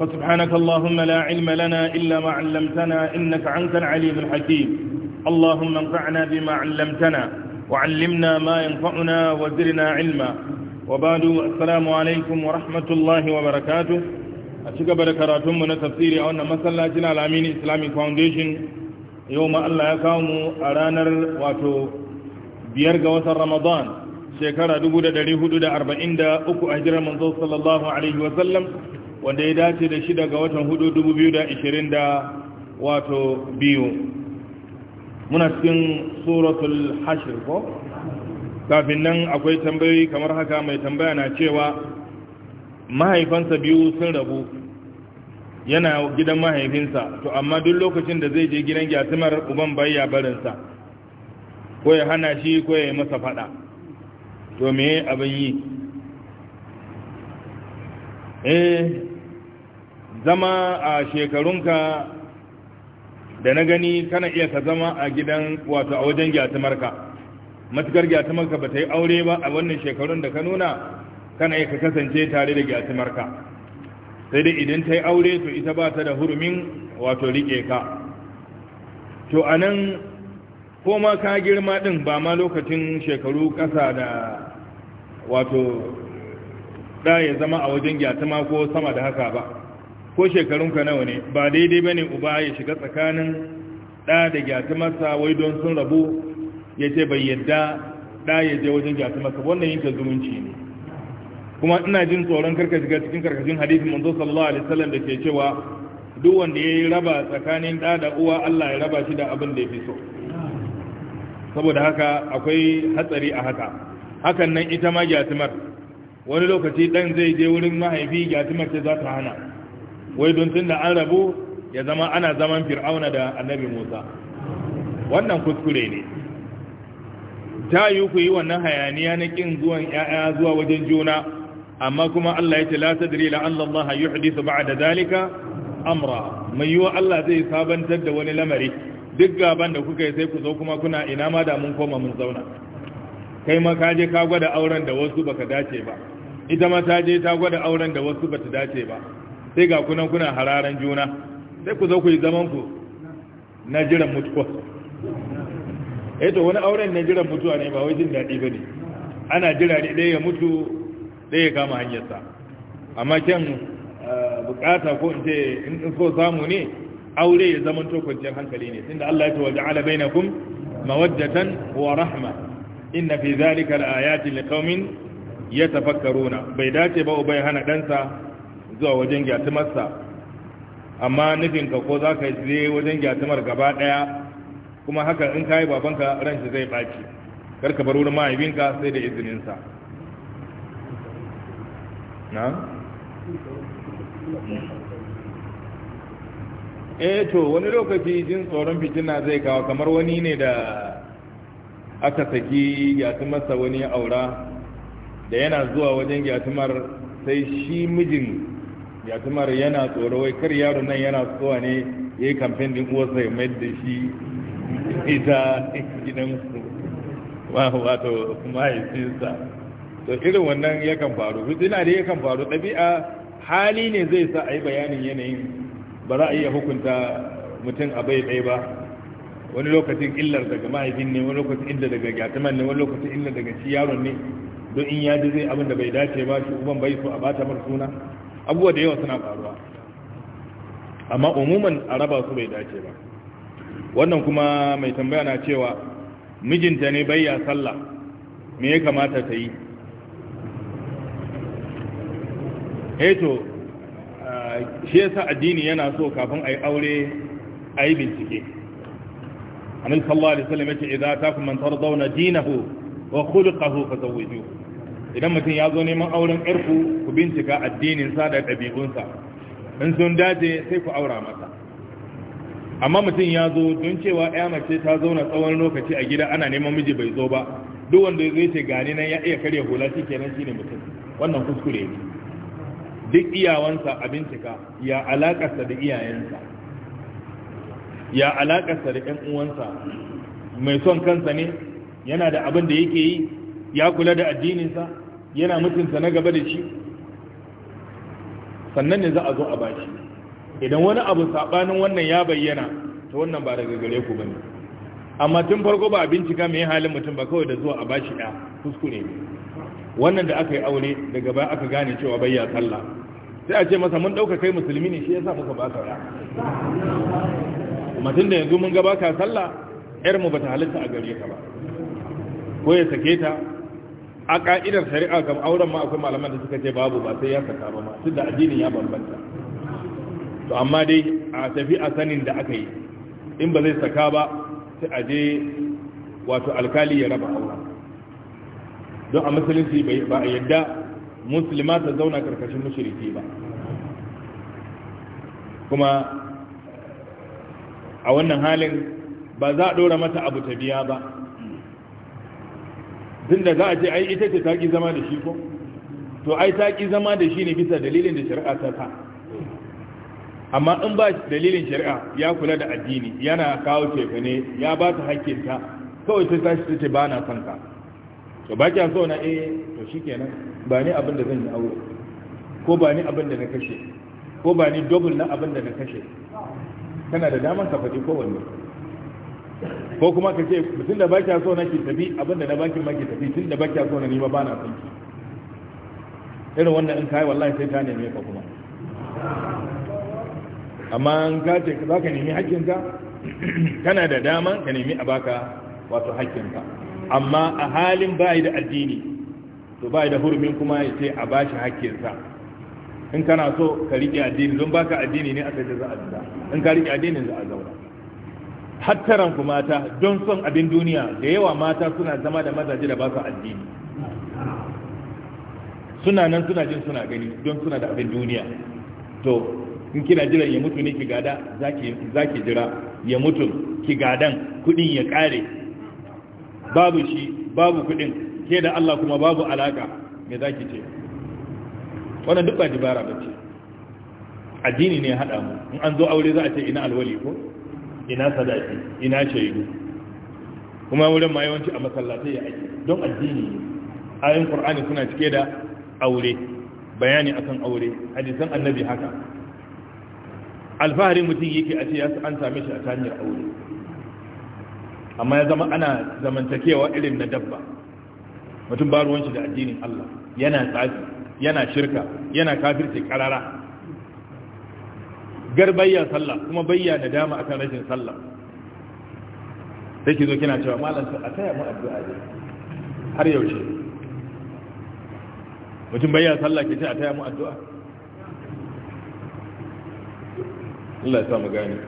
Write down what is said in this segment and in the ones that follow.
فسبحانك اللهم لا علم لنا إلا ما علمتنا إنك أنت العليم الحكيم اللهم انفعنا بما علمتنا وعلمنا ما ينفعنا وزرنا علما وبعد السلام عليكم ورحمة الله وبركاته أشكى بركاتهم من تفسير أن مسلاتنا الأمين إسلامي فاونديشن يوم الله يقوم أرانر واتو بيرغ وسر رمضان شكرا دبودة دريهودة أربعين دا أكو أهجر منذ صلى الله عليه وسلم wanda ya dace da shida ga watan hudu dubu biyu da ishirin da wato biyu muna cikin suratul hashir ko kafin nan akwai tambayoyi kamar haka mai tambaya na cewa mahaifansa biyu sun rabu yana gidan mahaifinsa to amma duk lokacin da zai je gidan gyatumar uban bayya barinsa ko ya hana shi ko ya yi masa fada to me abin yi eh zama a shekarunka da na gani kana iya ka zama a gidan wato a wajen gyatumarka matukar gyatumarka ba ta yi aure ba a wannan shekarun da ka nuna kana iya ka kasance tare da gyatumarka sai dai idan ta yi aure to ita ba ta da hurumin wato riƙe ka to a nan ko ma ka girma ɗin ba ma lokacin shekaru ƙasa da wato ɗaya zama a wajen gyatuma ko sama da haka ba ko shekarunka nawa ne ba daidai bane uba ya shiga tsakanin ɗa da gyatumarsa wai don sun rabu ya ce bai yadda ɗa ya je wajen gyatumarsa wannan yin zumunci ne kuma ina jin tsoron karka shiga cikin karkashin hadisi manzo sallallahu alaihi wasallam da ke cewa duk wanda yayi raba tsakanin ɗa da uwa Allah ya raba shi da abin da ya fi so saboda haka akwai hatsari a haka hakan nan ita ma gyatumar wani lokaci dan zai je wurin mahaifi gyatumar ce za ta hana wai don tun da an rabu ya zama ana zaman fir'auna da annabi musa wannan kuskure ne ta yi ku yi wannan hayaniya na ƙin zuwan ‘ya'ya zuwa wajen juna amma kuma Allah ya ce la tadri la Allah ya ba'da zalika amra mai yiwa Allah zai sabantar da wani lamari duk gaban da kuka yi sai ku zo kuma kuna ina ma da mun koma mun zauna kai ma ka je ka gwada auren da wasu baka dace ba ita ma ta je ta gwada auren da wasu bata dace ba sai ga kunan kuna hararan juna sai ku zo ku yi zaman na jiran mutuwa eh to wani auren na jiran mutuwa ne ba wai jin daɗi ba ne ana jira ne ɗaya ya mutu ɗaya ya kama hanyarsa amma kyan eh, bukata ko in ce in so samu ne aure ya zaman to kwanciyar hankali ne tunda Allah ya ce wa ja'ala bainakum mawaddatan wa rahma inna fi zalika ya liqaumin yatafakkaruna bai dace ba ubai hana dansa zuwa wajen gyatumarsa amma nufinka ko za ka je wajen gyatumar gaba ɗaya kuma haka in ka yi babanka shi zai ɓaci karka bar wurin mahaifinka sai da izininsa na? eh to wani lokaci jin tsoron fitina zai kawo kamar wani ne da aka saki gyatumarsa wani aura da yana zuwa wajen gyatumar sai shi mijin ya tumar yana tsoro wai kar yaro nan yana tsowa ne ya yi kamfen din uwarsa ya mayar da shi ita gidan wato haifinsa. to irin wannan yakan faru fitina da yakan faru ɗabi'a hali ne zai sa a yi bayanin yanayin ba za a iya hukunta mutum a bai ɗaya ba wani lokacin illar daga mahaifin ne wani lokacin illar daga gyatuman ne wani lokacin illar daga shi yaron ne don in ya ji zai abin da bai dace ba shi uban bai so a bata mar suna abubuwa da yawa suna faruwa amma umuman araba su bai dace ba wannan kuma mai tambaya na cewa mijinta ne bayya sallah me ya kamata ta yi eto eh shi yasa addini yana so kafin a yi aure a yi bincike anil sallallahu alaihi wasallam yace idza takum man tardawna dinahu wa khuluquhu fazawwijuhu idan mutum ya zo neman auren ƴarku ku bincika addininsa da ɗabi'unsa in sun dace sai ku aura masa amma mutum ya zo don cewa ya mace ta zauna tsawon lokaci a gida ana neman miji bai zo ba duk wanda ya ce gani nan ya iya karya hula shi kenan shine mutum wannan kuskure ne duk iyawansa a bincika ya alakarsa da iyayensa ya alakarsa da ƴan uwansa mai son kansa ne yana da abin da yake yi ya kula da addininsa yana mutunta na gaba da shi sannan ne za a zo a bashi idan wani abu sabanin wannan ya bayyana to wannan ba daga gare ku bane amma tun farko ba a bincika mai halin mutum ba kawai da zuwa a bashi ɗaya kuskure ne wannan da aka yi aure daga baya aka gane cewa bayya sallah sai a ce masa mun ɗauka kai musulmi ne shi yasa muka ba ka mutum da yanzu mun gaba ka sallah 'yarmu mu ta halitta a gare ka ba ko ya sake ta a ka'idar shari'a kam auren ma akwai malaman da suka ce babu ba sai ya saka ba ma tunda addinin ya bambanta to amma dai a tafi a sanin da aka yi in ba zai saka ba sai a je wato alkali ya raba auren don a musulunci ba a yadda musulma ta zauna karkashin mushriki ba kuma a wannan halin ba za a ɗora mata abu ta biya ba tun da za a ce ai ita ce ta ƙi zama da shi ko to ai ta ƙi zama da shi ne bisa dalilin da shari'a ta sa amma in ba dalilin shari'a ya kula da addini yana kawo ne ya ba ta hakkinta kawai ta tashi ta ce ba na son ka to ba kya so na eh to shi kenan, ba ni abin da zan yi aure ko ba ni abin da na kashe ko ba ni double na abin da na kashe kana da daman ka faɗi kowanne ko kuma ka ce tun da baki so na ke tafi abinda na baki ma ke tafi tun da baki so na ni ma na son ki irin wannan in kai wallahi sai ta neme ka kuma amma in ka ce za ka nemi ka kana da dama ka nemi a baka wato ka. amma a halin bai da addini to bai da hurumin kuma ya ce a bashi sa, in kana so ka rike addini don baka addini ne aka ce za a in ka rike addini za a hattaran ku mata don son abin duniya da yawa mata suna zama da mazaje da ba su addini suna nan suna jin suna gani don suna da abin duniya to in kina jira ya mutu ne ki gada za ki jira ya mutu ki gadan kudin ya kare babu shi babu kudin ke da Allah kuma babu alaka me za ki ce wannan duk ba dibara ba ce addini ne ya haɗa mu in an zo aure za a ce ina alwali ko ina sadaki ina shaidu kuma wurin ma yawanci a masallatai ya ake don addini ayin qur'ani suna cike da aure bayani akan aure hadisan annabi haka alfahari mutum yake a ce ya an same shi a ta hanyar aure amma ya zama ana zamantakewa irin na dabba mutum ba ruwan shi da addinin Allah yana tsafi yana shirka yana kafirce karara gar bayya sallah kuma bayya da dama akan rashin sallah sai ki zo kina cewa malam sai a taya mu addu'a dai har yaushe mutum bayya sallah ke ce a taya mu addu'a Allah ya sa mu gane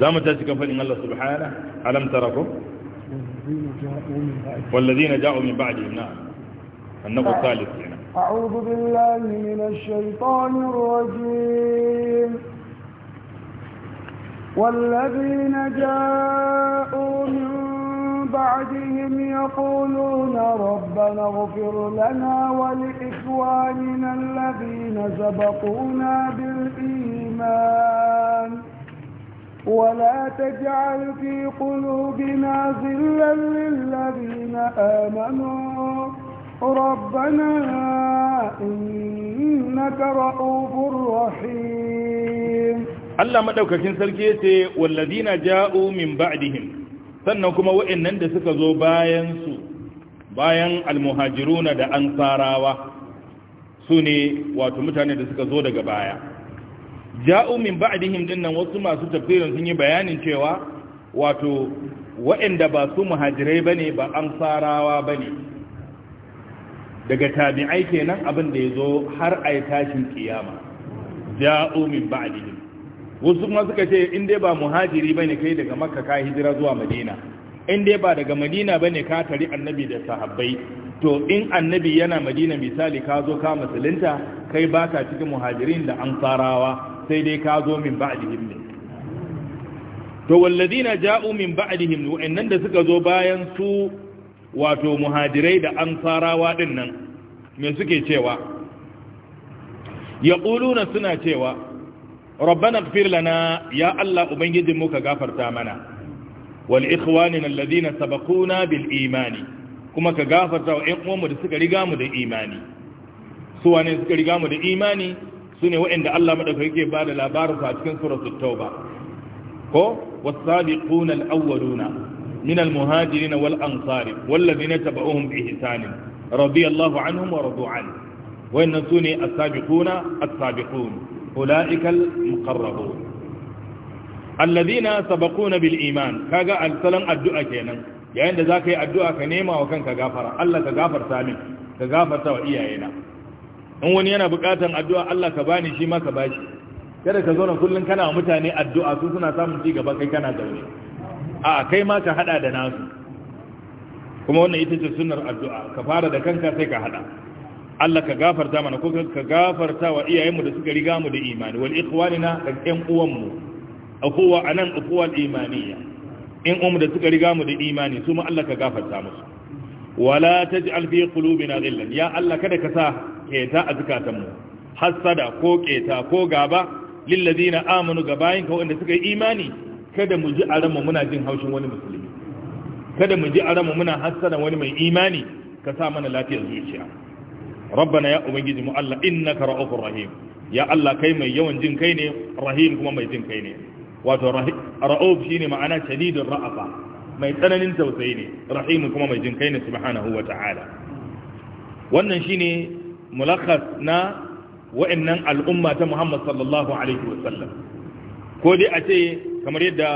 za mu tashi kan faɗin Allah subhana alam tarakum والذين جاءوا من بعدهم نعم النقطة الثالثة أعوذ بالله من الشيطان الرجيم والذين جاءوا من بعدهم يقولون ربنا اغفر لنا ولإخواننا الذين سبقونا بالإيمان ولا تجعل في قلوبنا ظلا للذين آمنوا ربنا إنك رؤوف رحيم الله مدوكاكين سلكيتي والذين جاءوا من بعدهم sannan kuma wa'annan da suka zo bayan su bayan almuhajiruna da ansarawa su ne wato mutane da suka zo daga baya ja'u min ba'dihim dinnan wasu masu tafsirin sun yi bayanin cewa wato wa'anda ba su muhajirai bane ba ansarawa bane daga tabi'ai kenan abin da ya zo har a yi tashin kiyama ja'o min ba'dihim wasu kuma suka ce in dai ba muhajiri bane kai daga makka ka hijira zuwa madina in dai ba daga madina bane ka tari annabi da sahabbai to in annabi yana madina misali ka zo ka musulunta kai baka cikin muhajirin da ansarawa sai dai ka zo min ba'dihim ne to walladina ja'u min ba'dihim wa'annan da suka zo bayan su wato muhajirai da ansarawa din nan me suke cewa yaquluna suna cewa rabban ighfir lana ya allah ubangijin mu ka gafarta mana wal ikhwanina alladhina sabaquna bil imani kuma ka gafarta wa ƴan da suka riga mu da imani su wane suka riga mu da imani su ne waɗanda Allah maɗauka yake ba da labarin su a cikin suratul ba ko wasabiquna alawwaluna من المهاجرين والأنصار والذين تبعوهم بإحسان رضي الله عنهم ورضوا عنه وإن سوني السابقون السابقون أولئك المقربون الذين سبقون بالإيمان كاقا السلام الدعاء كينا يعني ذاك الدعاء كنيمة وكان كغافر الله كغافر سامي كغافر سوئيا هنا in wani yana bukatan addu'a Allah ka bani shi ma ka bashi kada ka zauna kullun kana mutane addu'a su suna samun ci gaba kai kana zaune a kai ma ka hada da nasu kuma wannan ita ce sunar addu'a ka fara da kanka sai ka hada Allah ka gafarta mana ko ka gafarta wa iyayenmu da suka riga mu da imani wal ikhwanina da ƴan uwanmu akuwa anan akuwa imaniya in ummu da suka riga mu da imani su ma Allah ka gafarta musu wala taj'al fi qulubina ghillan ya Allah kada ka sa keta a zukatanmu hasada ko keta ko gaba lil ladina amanu gabayin ka wanda suka yi imani kada mu ji a ranmu muna jin haushin wani musulmi kada mu ji a ranmu muna hassana wani mai imani ka sa mana lafiyar zuciya rabbana ya ubangiji mu Allah innaka ra'ufur rahim ya Allah kai mai yawan jin kai ne rahim kuma mai jin kai ne wato ra'uf shine ma'ana shadidur ra'afa mai tsananin tausayi ne rahim kuma mai jin kai ne subhanahu wata'ala wannan shine mulakhas na wa'annan al'umma ta Muhammad sallallahu alaihi wasallam ko dai a ce kamar yadda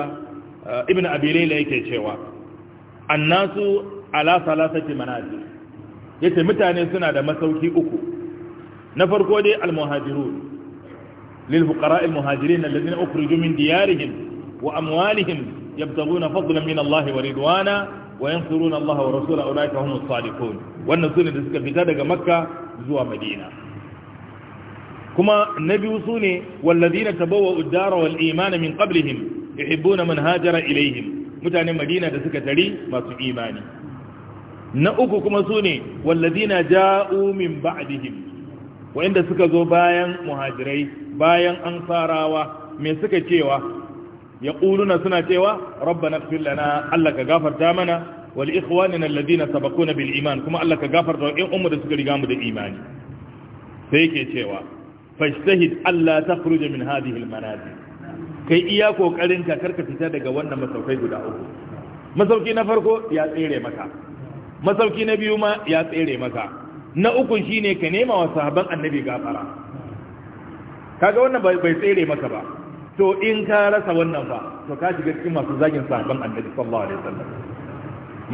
eh, ibn abilaila yake cewa annasu ala salasati manazil yace mutane suna da masauki uku na farko dai almuhajirun lil fuqara almuhajirin alladhina ukhriju min diyarihim wa amwalihim yabtaghuna fadlan min Allah wa ridwana wa yansuruna Allah wa rasulahu ulaika humus sadiqun wannan sune da suka fita daga makka zuwa madina kuma na biyu su ne wallazina tabawwa uddara wal iman min qablihim yuhibbuna man ilaihim mutane madina da suka tari masu imani na uku kuma su ne na ja'u min ba'dihim wa'inda suka zo bayan muhajirai bayan ansarawa mai suka cewa yaquluna suna cewa rabbana ighfir lana Allah ka gafarta mana wal ikhwanina alladhina sabaquna bil iman kuma Allah ka gafarta wa ƴan da suka riga mu da imani sai yake cewa fashtahid Allah ta furuje min hadihil manazi kai iya kokarin ka karka fita daga wannan masaukai guda uku masauki na farko ya tsere maka masauki na biyu ma ya tsere maka na ukun shine ka nema wa sahabban annabi gafara kaga wannan bai tsere maka ba to in ka rasa wannan fa to ka shiga cikin masu zagin sahabban annabi sallallahu alaihi wasallam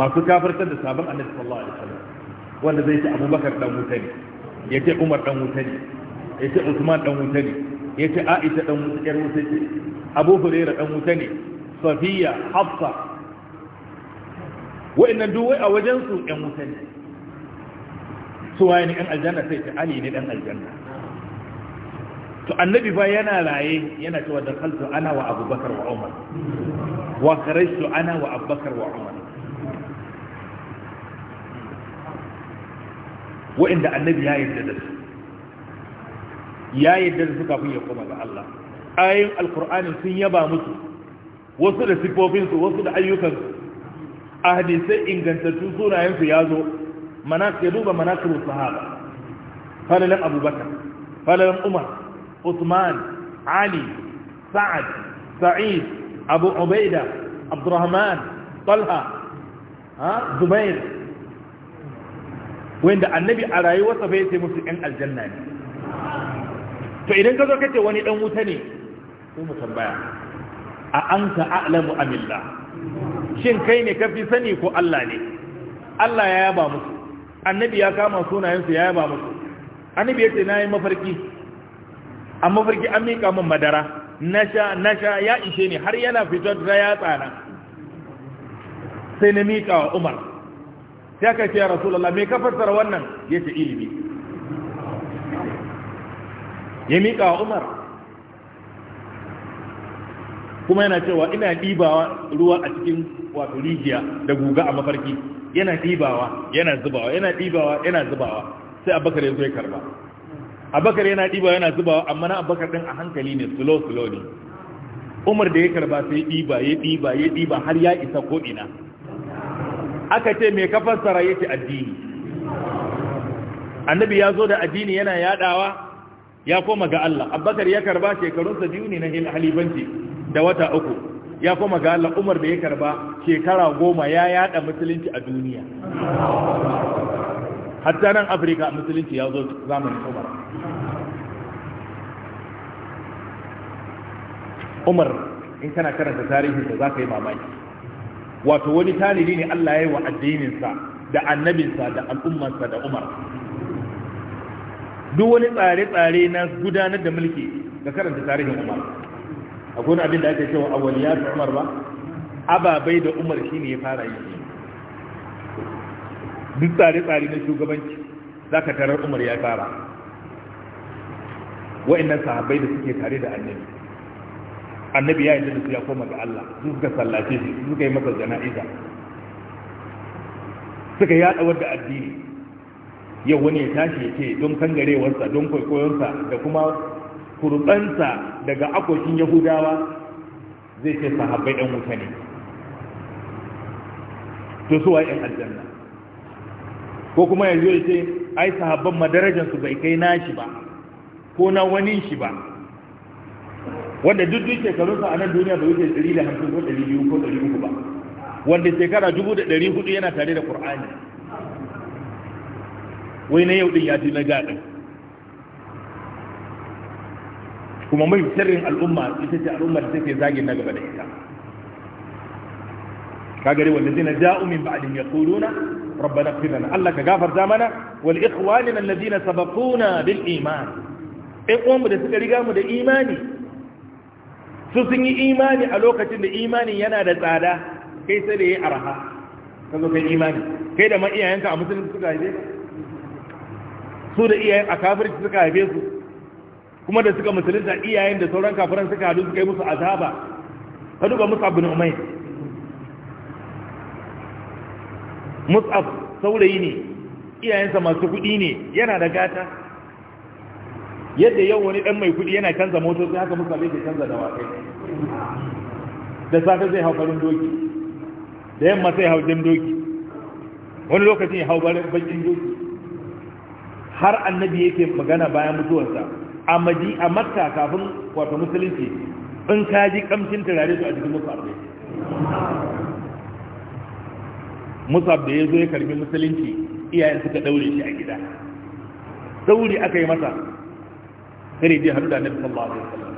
masu kafirtar da sahabban annabi sallallahu alaihi wasallam wanda zai ci abubakar dan wuta ne ya ce umar dan wuta ne ya ce usman dan wuta ne ya ce aisha dan wuta yar wuta ce abu hurairah dan wuta ne safiya hafsa wa'annan duk wai a wajen su yan wuta ne su waye ne yan aljanna sai ta ali ne dan aljanna to annabi ba yana raye yana cewa da kaltu ana wa abubakar wa umar wa kharajtu ana wa abubakar wa umar wa'inda annabi ya yi da su ya yadda da su kafin ya koma ga Allah ayoyin alkur'ani sun yaba musu wasu da sifofinsu wasu da ayyukansu a hadisai ingantattun sunayensu ya zo ya duba manakirun sahaba falalin abubakar falalin umar usman ali sa'ad sa'id abu ubaida abdurrahman talha zubair wanda annabi a rayuwarsa bai sai musu 'yan aljanna ne to idan ka zo kace wani dan wuta ne ko mu tambaya a anta a'lamu amilla shin kai ne kafi sani ko Allah ne Allah ya yaba musu annabi ya kama sunayensu ya yaba musu annabi ya ce na yi mafarki a mafarki an miƙa min madara nasha nasha ya ishe ni har yana fitar da ya tsana sai na mika wa umar sai ka ce ya rasulallah me ka fassara wannan ya ilimi ya miƙa wa umar kuma yana cewa ina ɗibawa ruwa a cikin wato rijiya da guga a mafarki yana ɗibawa yana zubawa yana ɗibawa yana zubawa sai abakar ya zo ya karba abakar yana ɗibawa yana zubawa amma na abakar ɗin a hankali ne slow slow ne umar da ya karba sai ɗiba ya ɗiba ya ɗiba har ya isa ko ina aka ce mai kafar sara ya ce addini annabi ya zo da addini yana yaɗawa? ya koma ga Allah abbakar ya karba shekarunsa biyu ne na halifanci da wata uku ya koma ga Allah umar da ya karba shekara goma ya yada musulunci a duniya hatta nan afirka musulunci ya zo zamanin umar umar in kana karanta tarihinsa za ka yi mamaki wato wani tarihi ne Allah ya yi wa addininsa da annabinsa da al'ummarsa da umar duk wani tsare-tsare na gudanar da mulki ga karanta tarihin umar akwai abin da ake cewa awaliya da umar ba ababai da umar shi ne ya fara yi duk tsare-tsare na shugabanci za ka tarar umar ya fara wa'annan sahabbai da suke tare da annabi annabi ya yi da su ya koma ga Allah su suka sallace shi suka yi masa jana'iza suka yaɗa wadda addini yau wani ya tashi ya ce don kangarewarsa don kwaikwayonsa da kuma kurbansa daga akwashin yahudawa zai ce sahabbai ɗan wuta ne to suwa ‘yan aljanna ko kuma yanzu ya ce ai sahabban madarajansu bai kai nashi ba ko na wani shi ba wanda duk duk shekarunsa a nan duniya bai wuce 150 ko 200 ko 300 ba wanda shekara 1400 yana tare da ƙur'ani wai na yau din ya fi na gaɗin kuma mai sirrin al'umma ita ce al'umma da take zagin na gaba da ita kagare wanda zina ja'u min ba'din yaquluna rabbana ighfir lana Allah ka gafarta mana wal ikhwanina alladhina sabaquna bil iman ai uwanmu da suka riga mu da imani su sun yi imani a lokacin da imanin yana da tsada kai sai da yi arha ka zo kai imani kai da ma iyayenka a musulunci suka haife su da iyayen a kafirci suka haife su kuma da suka musulunta iyayen da sauran kafiran suka hadu suka yi musu azaba ka duba mus'ab bin umayr mus'ab saurayi ne iyayensa masu kuɗi ne yana da gata yadda yau wani dan mai kuɗi yana canza motoci haka mus'ab yake canza da dawakai da safe zai hau farin doki da yamma sai hau jan doki wani lokacin ya hau bakin doki har annabi yake magana bayan mutuwarsa a maji a makka kafin wato musulunci in ka ji kamcin turare su a cikin musab ne musab da ya zo ya karbi musulunci iyayen suka daure shi a gida daure aka yi masa sai jiya haɗu da annabi sallallahu alaihi wasallam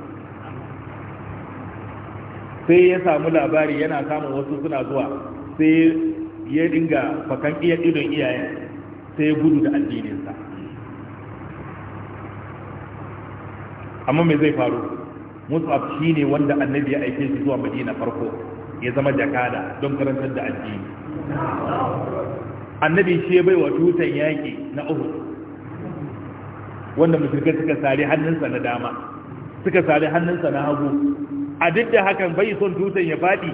sai ya samu labari yana samun wasu suna zuwa sai ya dinga fakan iya idon iyayen sai ya gudu da addinin amma me zai faru mus'ab shine wanda annabi ya aike shi zuwa madina farko ya zama jakada don karantar da addini annabi shi ya bai wa tutan yaƙi na uhud wanda musulkai suka sare hannunsa na dama suka sare hannunsa na hagu a duk da hakan bai son tutan ya faɗi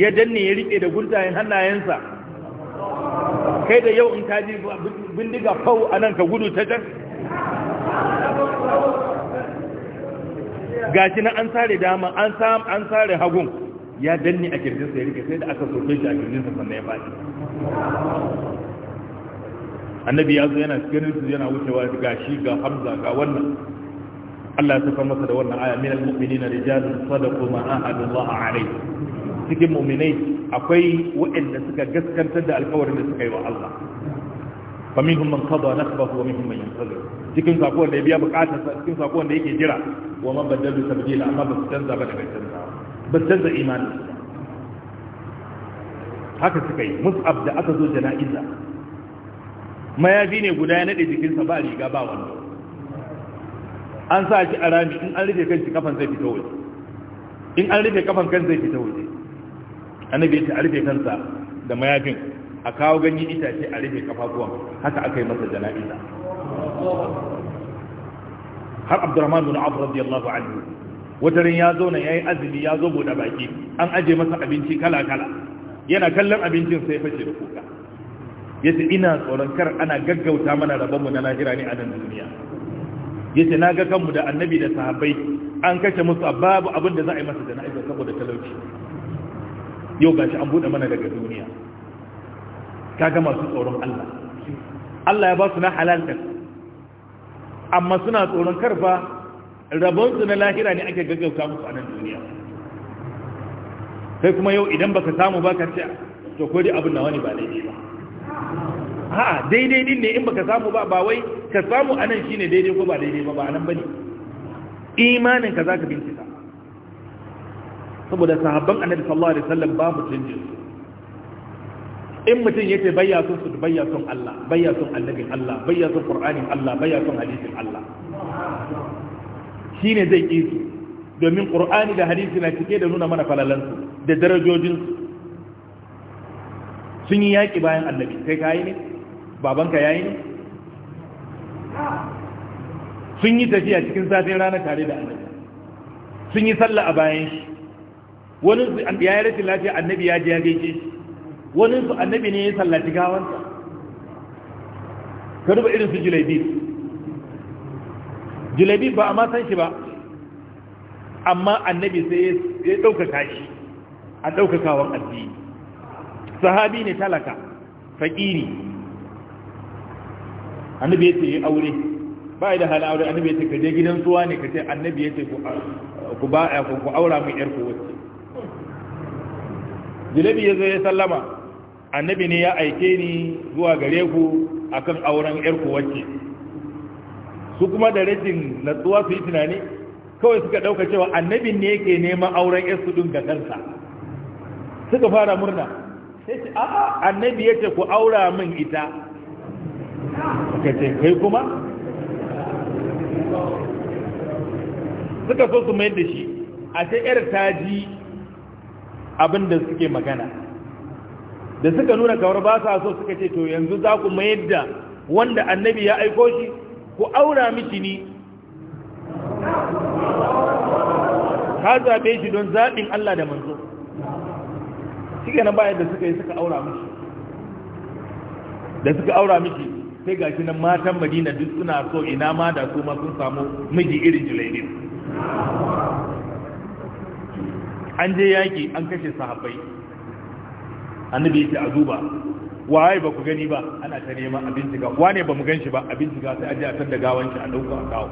ya danne ya riƙe da guntayen hannayensa kai da yau in kaji bindiga fau a nan ka gudu ta can gashi na an sare dama an sam an sare hagun ya danni a sa ya rike sai da aka soke shi a sa sannan ya fadi annabi ya zo yana cikin su yana wucewa ga shi ga hamza ga wannan Allah ya saka masa da wannan aya min almu'minina rijalun sadaqu ma ahadu Allah alayhi cikin mu'minai akwai wa'anda suka gaskantar da alƙawarin da suka yi wa Allah فمنهم من قضى نخبه ومنهم من ينتظر cikin sakon da ya biya bukatar sa cikin sakon da yake jira wa man badalu tabdila amma ba su canza ba da bai canza ba su canza imanin haka suka yi mus'ab da aka zo jana'iza mayafi ne guda ya nade jikinsa ba riga ba wando an sa shi a rami in an rufe kanshi kafan zai fita waje in an rufe kafan kan zai fita waje annabi ya ce a rufe kansa da mayafin a kawo ganyen itace a rufe kafafuwan haka aka yi masa jana'iza har abdurrahman bin abu radiyallahu anhu wata ran ya zo na yayi azumi ya zo bude baki an aje masa abinci kala kala yana kallon abincin sai fashe da kuka yace ina tsoron kar ana gaggauta mana rabon mu na lahira ne a nan duniya yace na ga kanmu da annabi da sahabbai an kashe musu babu abin da za a yi masa jana'iza saboda talauci yau gashi an bude mana daga duniya kaga masu tsoron Allah Allah ya ba su na halal din amma suna tsoron karfa rabon su na lahira ne ake gaggauta musu a nan duniya sai kuma yau idan baka samu ba ka ce to ko dai abin nawa ne ba daidai ba a'a daidai din ne in baka samu ba ba wai ka samu a nan shine daidai ko ba daidai ba ba nan bane imanin ka zaka bincika saboda sahabban annabi sallallahu alaihi wasallam ba su in mutum ya ce bayya sun su bayya sun Allah bayya sun annabin Allah bayya sun Qur'anin Allah bayya sun hadisin Allah shine zai ƙi su domin Qur'ani da hadisi na cike da nuna mana falalansu da darajojinsu sun yi yaƙi bayan annabi kai ka yi ne babanka ya yi ne sun yi tafiya cikin safin rana tare da annabi sun yi sallah a bayan shi wani ya yi rashin lafiya annabi ya je ya gaishe shi wani su annabi ne ya sallaci gawansa ka duba irin su julebis julebis ba a ma san shi ba amma annabi sai ya ɗaukaka shi a ɗaukakawan addini sahabi ne talaka faƙiri annabi ya ce ya aure ba da hana aure annabi ya ce ka je gidan suwa ne ka ce annabi ya ce ku ba ku aura mai yar ku wacce jilabi ya zo ya sallama annabi ne ya aike ni zuwa gare ku akan auren yarku wacce su kuma da rajin natsuwa su yi tunani kawai suka ɗauka cewa annabin ne yake neman auren yarsu ɗin ga kansa suka fara murna sai ce a annabi yace ku aura min ita suka ce kai kuma suka so su mayar da shi a ce yar ta ji abin da suke magana da suka nuna kawar ba sa so suka ce to yanzu za ku mayar da wanda annabi ya aiko shi ku aura miki ni ka zaɓe shi don zaɓin Allah da manzo shi na bayan da suka yi suka aura miki da suka aura miki sai ga shi nan matan madina duk suna so ina ma da su ma sun samu miji irin julaidin an je yaƙi an kashe sahabbai annabi yake a duba waye ba ku gani ba ana ta neman abin shiga wane ba mu gan shi ba abin shiga sai aje a tanda gawan shi a dauka a kawo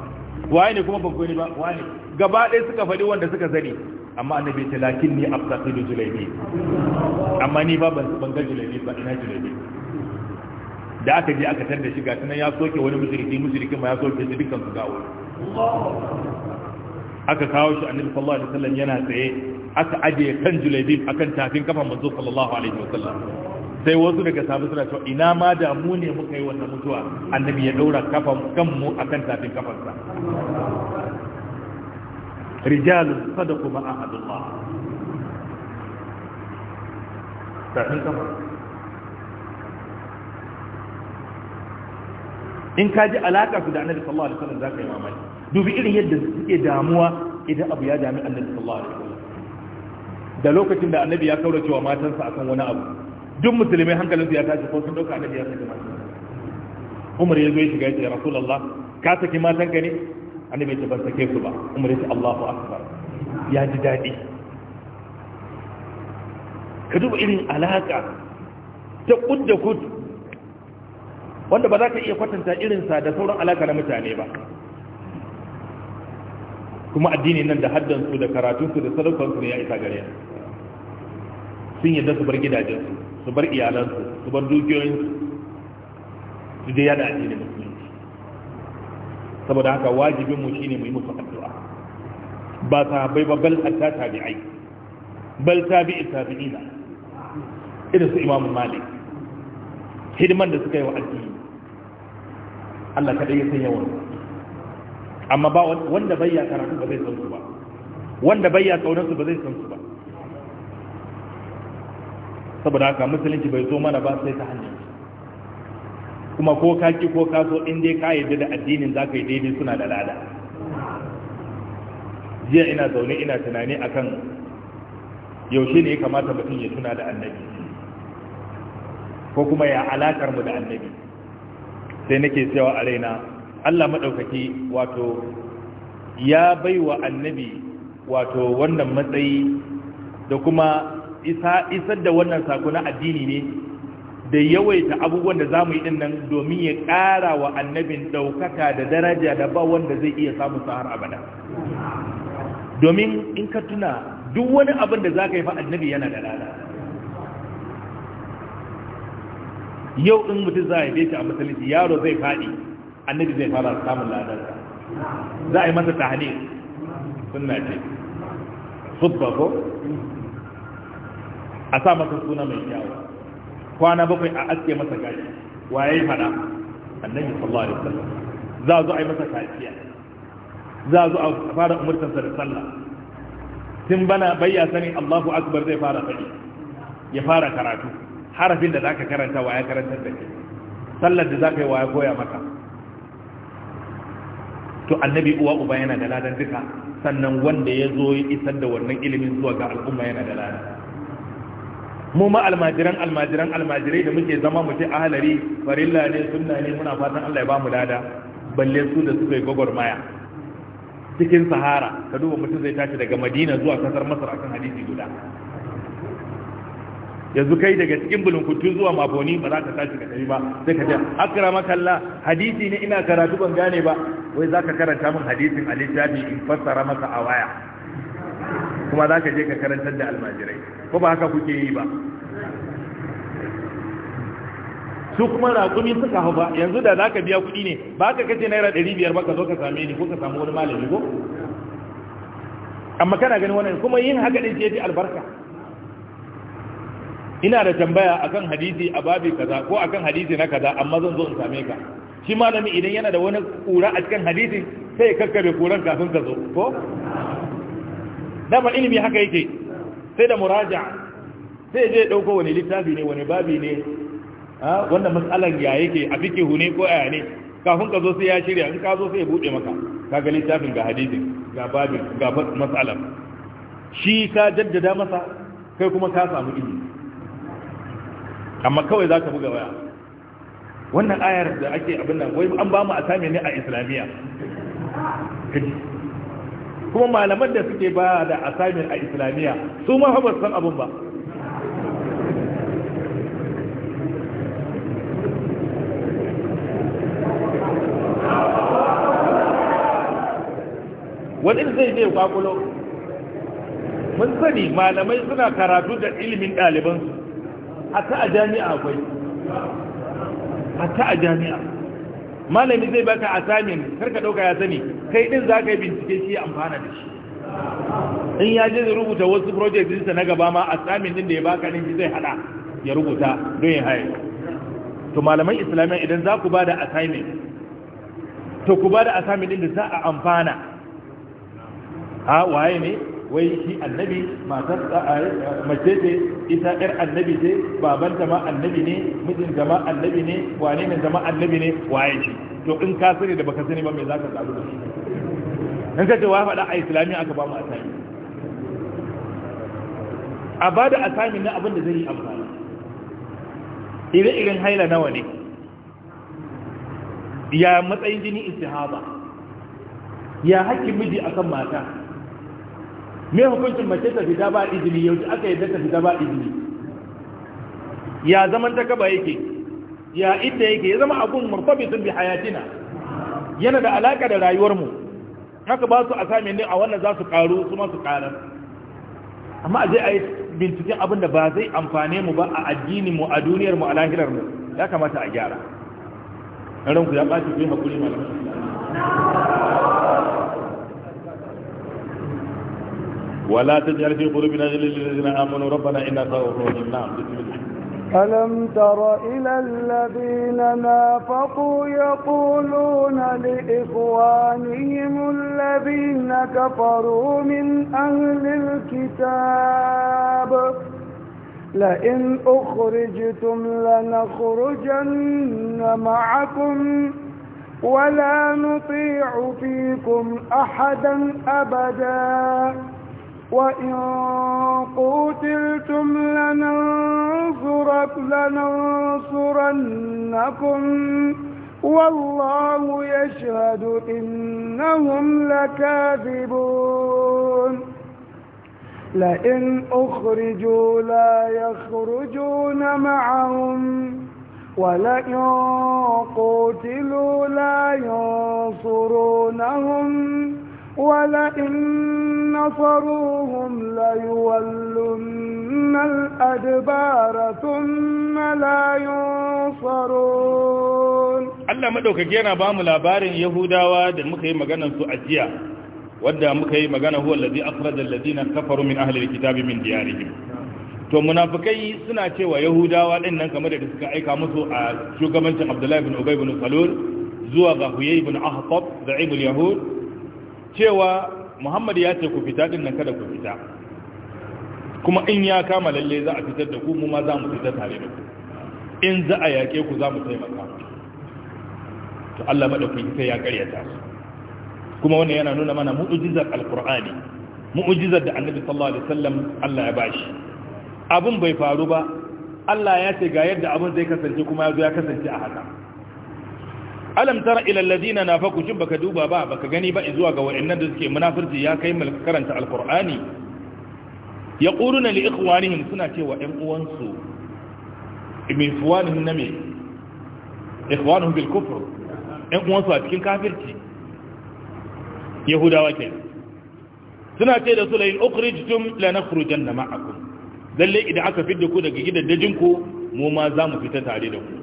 waye ne kuma ba ku gani ba wane gaba ɗaya suka faɗi wanda suka sani amma annabi ta, lakin ni afsaqi da julaybi amma ni ba ban ban ga julaybi ba ina julaybi da aka je aka tanda shi ga tunan ya soke wani mushriki mushrikin ma ya soke shi dukkan su gawo aka kawo shi annabi sallallahu alaihi wasallam yana tsaye aka ajiye kan julebib akan tafin kafan manzo sallallahu alaihi wasallam sai wasu daga sabu suna cewa ina ma da mu ne muka yi wannan mutuwa annabi ya daura kafan kanmu akan tafin kafansa rijalun sadaqu ma ahadullah tafin kafa in ka ji alaka su da annabi sallallahu alaihi wasallam zaka yi mamaki dubi irin yadda suke damuwa idan abu ya dami annabi sallallahu alaihi wasallam da lokacin da annabi ya kaura cewa matansa akan wani abu duk musulmai hankalinsu ya tashi ko sun dauka annabi ya saki matansa umar ya zo ya shiga ya ce rasulullah ka saki matanka ne annabi ya ce ban sake su ba umar ya ce allahu akbar ya ji daɗi ka duba irin alaƙa ta kudda da wanda ba za ka iya kwatanta irinsa da sauran alaƙa na mutane ba kuma addini nan da haddansu da karatunsu da sadaukansu ne ya isa gare su sun yadda su bar gidajensu su bar iyalansu su bar dukiyoyinsu su je yada addinin musulunci saboda haka wajibin mu shine mu yi musu addu'a ba bai ba bal hatta tabi'ai bal tabi'i tabi'ina irin su imamu malik hidiman da suka yi wa addini Allah kaɗai ya san yawan amma ba wanda bayya karatu ba zai san su ba wanda bayya kaunar su ba zai san su saboda haka musulunci bai zo mana ba sai ta hanyar kuma ko ka ki ko ka so in dai ka yi da addinin za ka yi daidai suna da lada jiya ina zaune ina tunani akan yaushe ne ya kamata mutum ya tuna da annabi ko kuma ya alakar mu da annabi sai nake cewa a raina Allah maɗaukaki wato ya bai wa annabi wato wannan matsayi da kuma isar da wannan sako na addini ne da yawaita abubuwan da za mu yi dinnan domin ya ƙara wa annabin ɗaukaka da daraja da ba wanda zai iya samun sahar abada domin in ka tuna duk wani abin da za ka yi fa annabi yana da lada yau in mutum za a yi a musulunci yaro zai faɗi annabi zai fara samun ladarsa za a yi masa tahani sunna ce subba ko a sa masa suna mai kyawu kwana bakwai a aske masa gashi waye fada annabi sallallahu alaihi wasallam za zo a yi masa kaciya za zo a fara umurtansa da sallah tun bana bayya sani Allahu akbar zai fara faɗi ya fara karatu harafin da zaka karanta waye karantar da kai sallar da zaka yi waye koya maka to annabi uwa uba yana da ladan duka sannan wanda ya zo ya isar da wannan ilimin zuwa ga al'umma yana da ladan mu ma almajiran almajiran almajirai da muke zama mu ce ahalari farilla ne sunna ne muna fatan Allah ya ba mu dada balle su da suka yi gwagwarmaya cikin sahara ka duba mutum zai tashi daga madina zuwa kasar masar akan hadisi guda yanzu kai daga cikin bulunkutu zuwa maboni ba za ka tashi ka tafi ba sai ka ce akrama makalla hadisi ne ina karatu ban gane ba wai za ka karanta min hadisin a in fassara maka a waya kuma za ka je ka karantar da almajirai ko ba haka kuke yi ba su kuma raƙumi suka hau ba yanzu da za ka biya kuɗi ne ba ka kace naira ɗari biyar ba ka zo ka same ni ko ka samu wani malami ko amma kana ganin wannan kuma yin haka ɗin ce albarka ina da tambaya akan hadisi a babi kaza ko akan hadisi na kaza amma zan zo in same ka shi malami idan yana da wani kura a cikin hadisi sai ya kakkabe kuran kafin ka zo ko dama ilimi haka yake sai da muraja sai je dauko wani littafi ne wani babi ne wanda matsalan ya yake a fikihu hune ko aya ne kafin ka zo sai ya shirya in ka zo sai ya bude maka ka ga littafin ga hadisin ga babi ga matsalan shi ka jaddada masa kai kuma ka samu ilimi amma kawai za ka buga waya wannan ayar da ake abin nan wai an ba mu a same ne a islamiyya kuma malaman da suke ba da asamin a islamiyya su ma fa ba san abun ba wani zai ne kwakulo mun sani malamai suna karatu da ilimin ɗalibansu ta a jami'a akwai ta a jami'a malami zai baka assignment kar ka dauka ya sani kai din za ka yi bincike shi amfana da shi in ya je rubuta wasu project sa na gaba ma assignment din da ya baka din zai hada ya rubuta don ya haye to malaman islamiyya idan za ku ba da assignment to ku ba da assignment din da za a amfana ha waye ne wai shi annabi matar mace ce ita yar annabi ce babanta ma annabi ne mijin ma annabi ne wane ne zama annabi ne waye shi to in ka sani da baka sani ba me zaka tsaro da shi in ka ce wa faɗa a islami aka ba mu asali a ba da asami na abin da zai yi amfani ire irin haila nawa ne ya matsayin jini istihaba ya haƙƙin miji akan mata me hukuncin mace ta fita ba izini yau aka yadda ta fita ba izini ya zaman ta kaba yake ya idda yake ya zama abun murtabitin bi hayatina yana da alaka da rayuwar mu haka ba su assignment ne a wannan za su karu su ma su karar amma a je a yi binciken abin da ba zai amfane mu ba a addini mu a duniyar mu a lahirar mu ya kamata a gyara ranku ya ɓaci ku hakuri haƙuri ولا تجعل في قلوبنا غل للذين امنوا ربنا انك رؤوف رحيم نعم ألم تر إلى الذين نافقوا يقولون لإخوانهم الذين كفروا من أهل الكتاب لئن أخرجتم لنخرجن معكم ولا نطيع فيكم أحدا أبداً وإن قتلتم لننصرت لننصرنكم والله يشهد إنهم لكاذبون لئن أخرجوا لا يخرجون معهم ولئن قتلوا لا ينصرونهم ولئن نصروهم ليولن الأدبار Allah madaukake yana ba mu labarin Yahudawa da muka yi maganar su ajiya wanda muka yi magana huwa allazi akhraja allazina kafaru min ahli alkitabi min to munafukai suna cewa Yahudawa din nan kamar da suka aika musu a shugabancin Abdullahi ibn Ubay ibn Salul zuwa ga Huyay ibn da Ibn Yahud cewa muhammad ya ce ku fita din nan kada ku fita kuma in ya kama lalle za a fitar da ku mu ma za mu fita tare da ku in za a yaƙe ku za mu taimaka to Allah madaukakin sai ya karyata su kuma wannan yana nuna mana mu'jizar alqur'ani mu'jizar da annabi sallallahu alaihi wasallam Allah ya bashi abun bai faru ba Allah ya ce ga yadda abun zai kasance kuma ya zo ya kasance a haka alam tara ila alladhina nafaku shin baka duba ba baka gani ba zuwa ga wayannan da suke munafirci ya kai mal karanta alqur'ani yaquluna li ikhwanihim suna cewa ɗan uwansu min ikhwanihim nami ikhwanuhum bil kufr ɗan uwansu a cikin kafirci yahudawa ke suna ce da su la in ukhrijtum lanakhrujanna ma'akum dalle idan aka fidda ku daga gidajen ku mu ma za mu fita tare da ku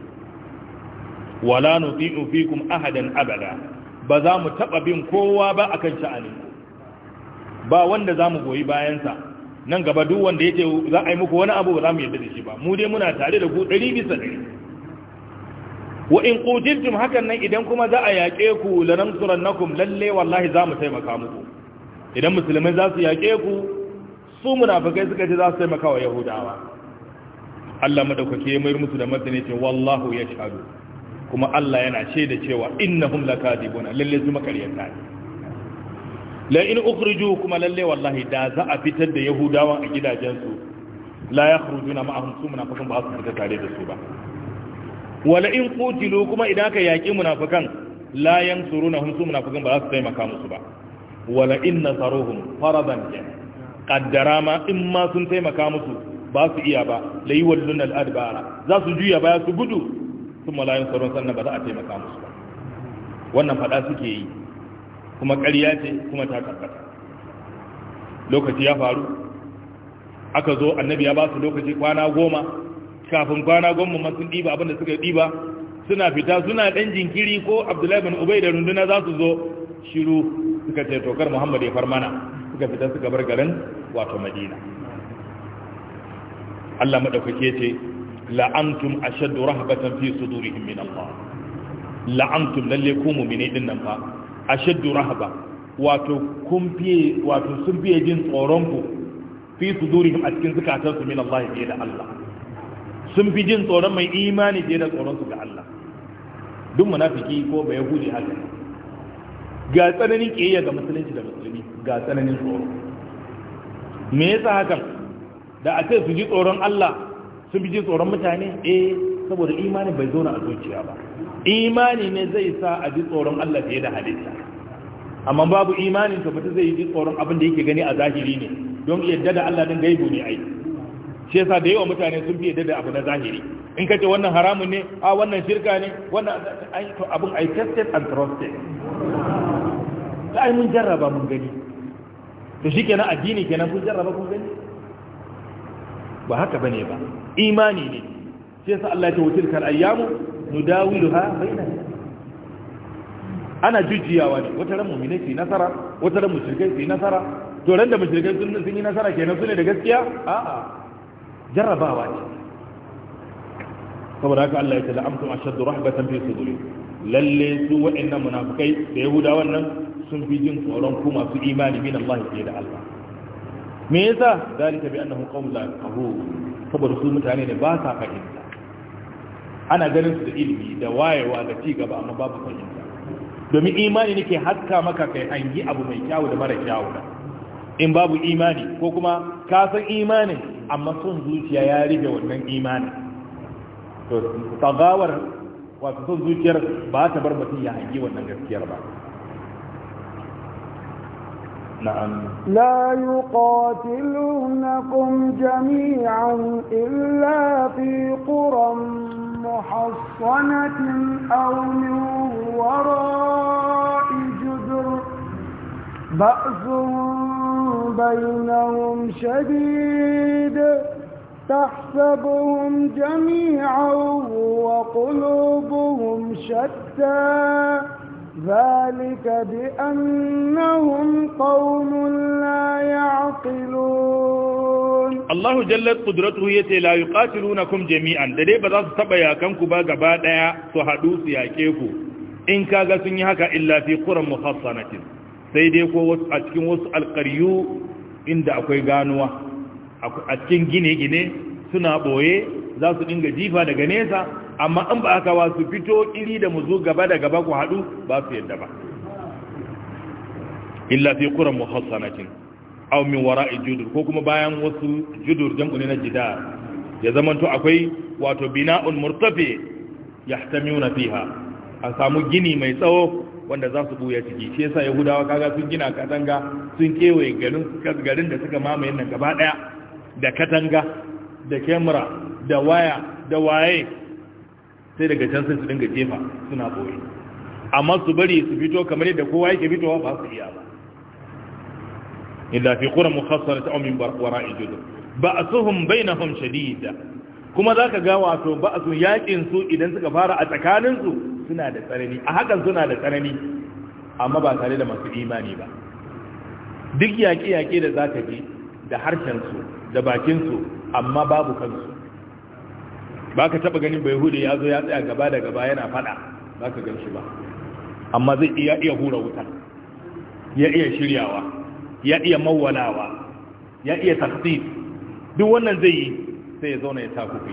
wala nuti'u fikum ahadan abada ba za mu taba bin kowa ba akan sha'ani ba wanda za mu goyi bayansa nan gaba duk wanda ya ce za a yi muku wani abu ba za mu yadda da shi ba mu dai muna tare da ku 100% bisa wa in qutiltum hakan nan idan kuma za a yaƙe ku lanansurannakum lalle wallahi za mu taimaka muku idan musulmai za su yaƙe ku su munafikai suka ce za su taimaka wa yahudawa Allah madaukake ya mayar musu da martani ce wallahu yashhadu kuma Allah yana da cewa innahum lakadibuna lalle su makaryata ne la in ukhriju kuma lalle wallahi da za a fitar da Yahudawa a gidajensu la yakhrujuna ma'ahum su munafikan ba su fita tare da su ba wala in qutilu kuma idan ka yaki munafikan la yansurunahum su munafikan ba su taimaka musu ba wala in nasaruhum faradan qaddara ma in ma sun taimaka musu ba su iya ba laywallun al-adbara za su juya baya su gudu sun malayin sauran sannan ba za a taimaka musu ba wannan faɗa suke yi kuma ƙarya ce kuma ta tabbata lokaci ya faru aka zo annabi ya ba su lokaci kwana goma kafin kwana goma ma sun ɗiba abinda suka ɗiba suna fita suna ɗan jinkiri ko abdullahi bin ubai da runduna za su zo shiru suka ce tokar muhammad ya farmana suka fita suka bar garin wato madina allah maɗaukake ce la'antum ashaddu rahbatan fi sudurihim min Allah la'antum lalle ku mu'mini din nan fa ashaddu rahba wato kun fiye wato sun fiye jin tsoron ku fi sudurihim a cikin zakatansu min Allah fiye da Allah sun fi jin tsoron mai imani fiye da tsoron su ga Allah duk munafiki ko bai yahudi haka ga tsananin kiyayya ga musulunci da musulmi ga tsananin tsoro me yasa hakan da a ce su ji tsoron Allah sun bi jin tsoron mutane eh saboda imani bai zo na a zuciya ba imani ne zai sa a ji tsoron Allah fiye da halitta amma babu imanin to mutum zai ji tsoron abin da yake gani a zahiri ne don yadda da Allah din gaibu ne ai shi yasa da yawa mutane sun fi yadda da abu na zahiri in ka ce wannan haramun ne a wannan shirka ne wannan to abin ai tested and trusted da ai mun jarraba mun gani to shikenan addini kenan kun jarraba kun gani ba haka bane ba imani ne sai sa Allah ya ce wutil kal ayyamu nudawiluha bainana ana jujjiyawa ne wata ran mu'mini sai nasara wata ran mushrikai sai nasara to ran da mushrikai sun sun yi nasara kenan su ne da gaskiya a'a jarrabawa ne saboda haka Allah ya ce la'amtum ashaddu rahbatan fi suduri lalle su wa'annan munafikai da yahudawan nan sun fi jin tsoron kuma su imani bin Allah fiye da Allah me yasa dalika bi annahum qawmun la yafqahun saboda su mutane ne ba sa fahimta ana ganin su da ilimi da wayewa da ci gaba amma babu fahimta domin imani nake haska maka kai an yi abu mai kyau da mara kyau in babu imani ko kuma ka san imani amma son zuciya ya rige wannan imanin to tagawar wato son zuciyar ba ta bar mutum ya hangi wannan gaskiyar ba نعم لا يقاتلونكم جميعا إلا في قرى محصنة أو من وراء جدر بأس بينهم شديد تحسبهم جميعا وقلوبهم شتى ذلك بأنهم قوم لا يعقلون الله جلت قدرته يتي لا يقاتلونكم جميعا لدي بذات سبايا كنكو باقا بادايا سهدوس يا كيكو إن كاغا سنيهاك إلا في قرى مخصنة سيديكو واسعتكم واسع قريو إن دعكوي غانوا أتكين جيني جيني سنا بوي ذات إنجا جيفا دغنيسا amma an ba aka wasu su fito iri da mu zo gaba da gaba ku haɗu ba su yadda ba illa fi qura muhassanatin aw min wara'i judur ko kuma bayan wasu judur jam'u ne na jida. ya zamanto akwai wato bina'un murtafi yahtamuna fiha a samu gini mai tsawo wanda za su buya ciki shi yasa yahudawa kaga sun gina katanga sun kewaye garin garin da suka mamaye nan gaba daya da katanga da kyamara da waya da waye sai daga can sai su dinga jefa suna boye amma su bari su fito kamar yadda kowa yake fitowa ba su iya ba illa fi qura mukhassarati aw min wara'i judur ba'suhum bainahum shadid kuma zaka ga wato ba'su yakin su idan suka fara a tsakanin su suna da tsanani a hakan suna da tsanani amma ba tare da masu imani ba duk yaƙe-yaƙe da zaka ji da harshen su da bakin su amma babu kansu ba ka taɓa ganin bai hudu ya zo ya tsaya gaba da gaba yana faɗa ba ka gan shi ba amma zai iya iya hura wuta ya iya shiryawa ya iya mawalawa ya iya tafi duk wannan zai yi sai ya zauna ya sa kufi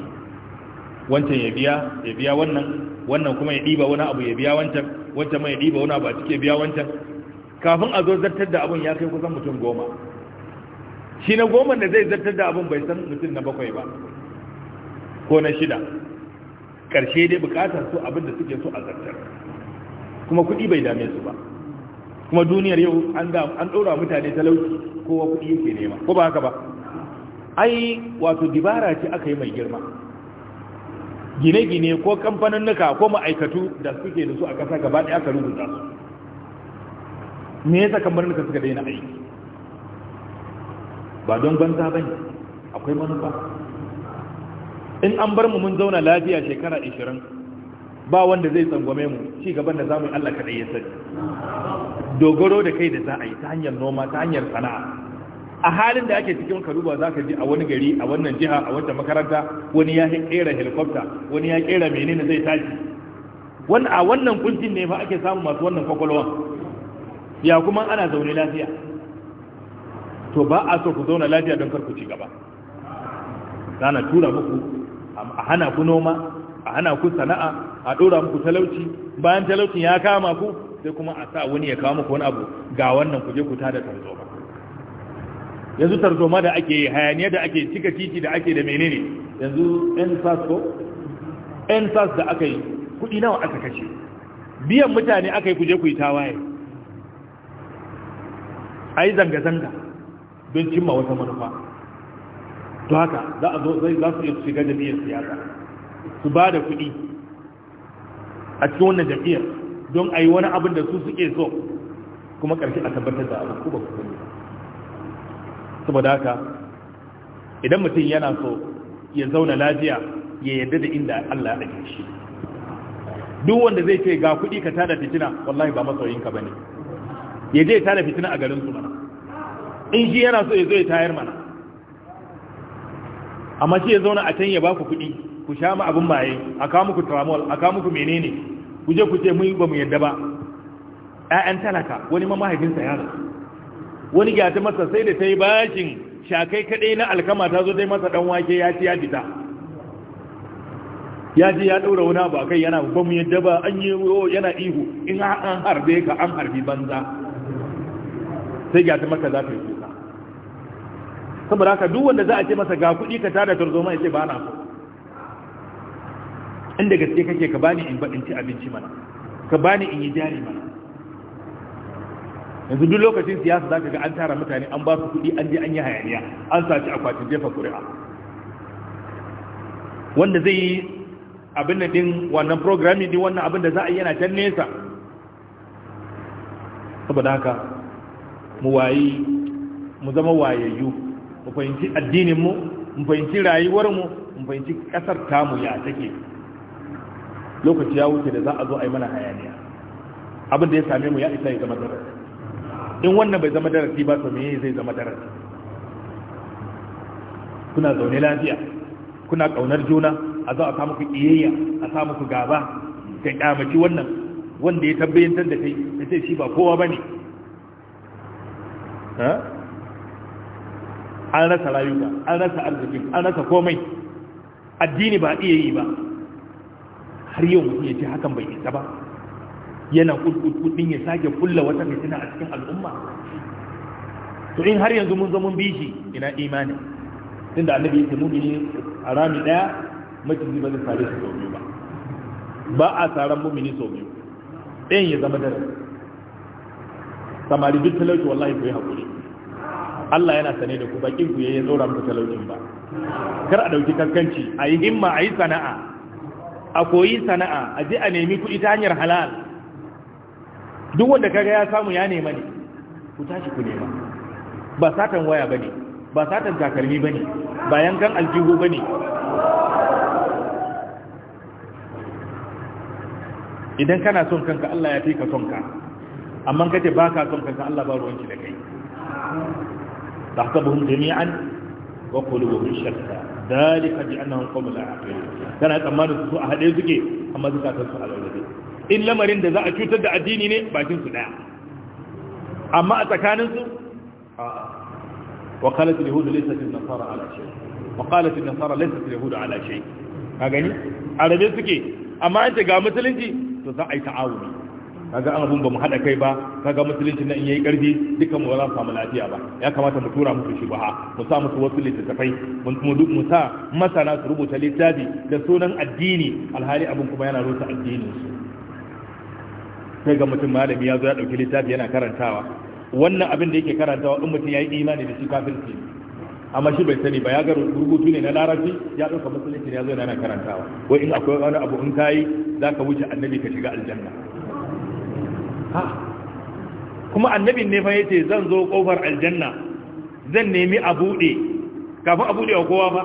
wancan ya biya ya biya wannan wannan kuma ya ɗiba wani abu ya biya wancan wancan mai ya ɗiba wani abu a cike biya wancan kafin a zo zartar da abin ya kai kusan mutum goma shi na goma da zai zartar da abun bai san mutum na bakwai ba ko na shida ƙarshe dai buƙatar su abin suke so a zartar kuma kuɗi bai dame su ba kuma duniyar yau an ɗora mutane talauci kowa kuɗi yake nema ko ba haka ba ai wato dibara ce aka yi mai girma gine-gine ko kamfaninnuka ko ma'aikatu da suke da su a ƙasa gaba ɗaya aka rubuta su me yasa kamfaninnuka suka daina aiki ba don banza bane akwai manufa in an bar mu mun zauna lafiya shekara 20 ba wanda zai tsangwame mu ci gaban da zamu yi Allah kadai ya sani dogoro da kai da za a yi ta hanyar noma ta hanyar sana'a a halin da ake cikin karuba za ka ji a wani gari a wannan jiha a wata makaranta wani ya kera helicopter wani ya kera menene zai tashi wani a wannan kuncin ne fa ake samun masu wannan kwakwalwan? ya kuma ana zaune lafiya to ba a so ku zauna lafiya don kar ku ci gaba na tura muku a hana ku noma a hana ku sana'a a ɗora muku talauci bayan talaucin ya kama ku sai kuma a sa wani ya kawo muku wani abu ga wannan ku je ku tada tarzoma yanzu tarzoma da ake hayaniya da ake cika titi da ake da menene yanzu ensas ko ensas da aka yi kuɗi nawa aka kashe biyan mutane aka yi ku je ku yi tawaye a yi zanga-zanga don cimma wata manufa to haka za a zo zai za su yi shiga jam'iyyar siyasa su ba da kuɗi a cikin wannan jam'iyyar don a yi wani abin da su suke so kuma ƙarshe a tabbatar da abu kuma su saboda haka idan mutum yana so ya zauna lafiya ya yadda da inda Allah ya ake shi duk wanda zai ce ga kuɗi ka tada fitina wallahi ba masoyinka ne. ya je ya tada fitina a garin su mana in shi yana so ya zo ya tayar mana amma shi ya zauna a can ya ba ku kuɗi ku sha mu abin maye a kawo muku tramol a kawo muku menene ku je ku ce mun ba mu yadda ba ƴaƴan talaka wani ma mahaifinsa ya rasu wani ya ta masa sai da ta yi bashin shakai kaɗai na alkama ta zo dai masa ɗan wake ya ci ya fita ya ji ya ɗaura wani abu a kai yana ba mu yadda ba an yi yana ihu in an harbe ka an harbi banza sai ya ta za ta yi saboda haka duk wanda za a ce masa ga kuɗi ka tada tarzoma ya ce ba na so inda gaske kake ka bani in baɗin ci abinci mana ka bani in yi jari mana yanzu duk lokacin siyasa za ka ga an tara mutane an ba su kuɗi an je an yi hayaniya an sace akwatin jefa kuri'a wanda zai yi abin da ɗin wannan programming din wannan abin da za a yi yana can nesa saboda haka mu wayi mu zama wayayyu mu fahimci addinin mu mu fahimci rayuwar mu mu fahimci kasar tamu ya take lokaci ya wuce da za a zo a yi mana hayaniya abin da ya same mu ya isa ya zama darasi in wannan bai zama darasi ba to meye zai zama darasi kuna zaune lafiya kuna kaunar juna a zo a samu ku iyayya a samu ku gaba ka kyamaci wannan wanda ya tabbayantar da kai ya ce shi ba kowa ba ne. an rasa rayuka an rasa arziki an rasa komai addini ba iya yi ba har yau mutum ya ce hakan bai isa ba yana kudin ya sake kulla wata fitina a cikin al'umma to in har yanzu mun zama bishi ina imani tunda annabi yake mumini a rami daya mutum ba zai sare shi sau biyu ba ba a tsaron mumini sau biyu ɗayan ya zama dare samari duk talauci wallahi ko yi haƙuri Allah yana sane da ku bakin ku yayin zora muku talaucin ba kar a dauki kankanci a yi himma a yi sana'a a koyi sana'a a je a nemi kuɗi ta hanyar halal duk wanda kaga ya samu ya nema ne ku tashi ku nema ba satan waya bane ba satan takalmi bane ba yankan aljihu bane idan kana son kanka Allah ya fi ka son ka amma kace baka son kanka Allah ba ruwanki da kai tahsabuhum jami'an wa qulubuhum shatta dalika bi annahum qawmun la yaqilun kana tsammanin su a hade suke amma zakatun su a laulabe in lamarin da za a cutar da addini ne bakin su daya amma a tsakanin su wa qalat al-yahud laysat an-nasara ala shay wa qalat an-nasara laysat al-yahud suke ga musulunci to za a yi ta'awuni kaga an abun ba mu haɗa kai ba kaga musulunci na in yayi ƙarfi dukkan mu ba za mu samu lafiya ba ya kamata mu tura musu ha, mu sa musu wasu littattafai mu sa masana su rubuta littafi da sunan addini alhali abun kuma yana rusa addinin su sai ga mutum malami ya zo ya ɗauki littafi yana karantawa wannan abin da yake karantawa in mutum ya yi imani da shi kafirci amma shi bai sani ba ya ga rubutu ne na larabci ya ɗauka musulunci ne ya zo yana karantawa Ko in akwai wani abu in kai za ka wuce annabi ka shiga aljanna kuma annabin ne fa yace zan zo kofar aljanna zan nemi a kafin a bude wa kowa fa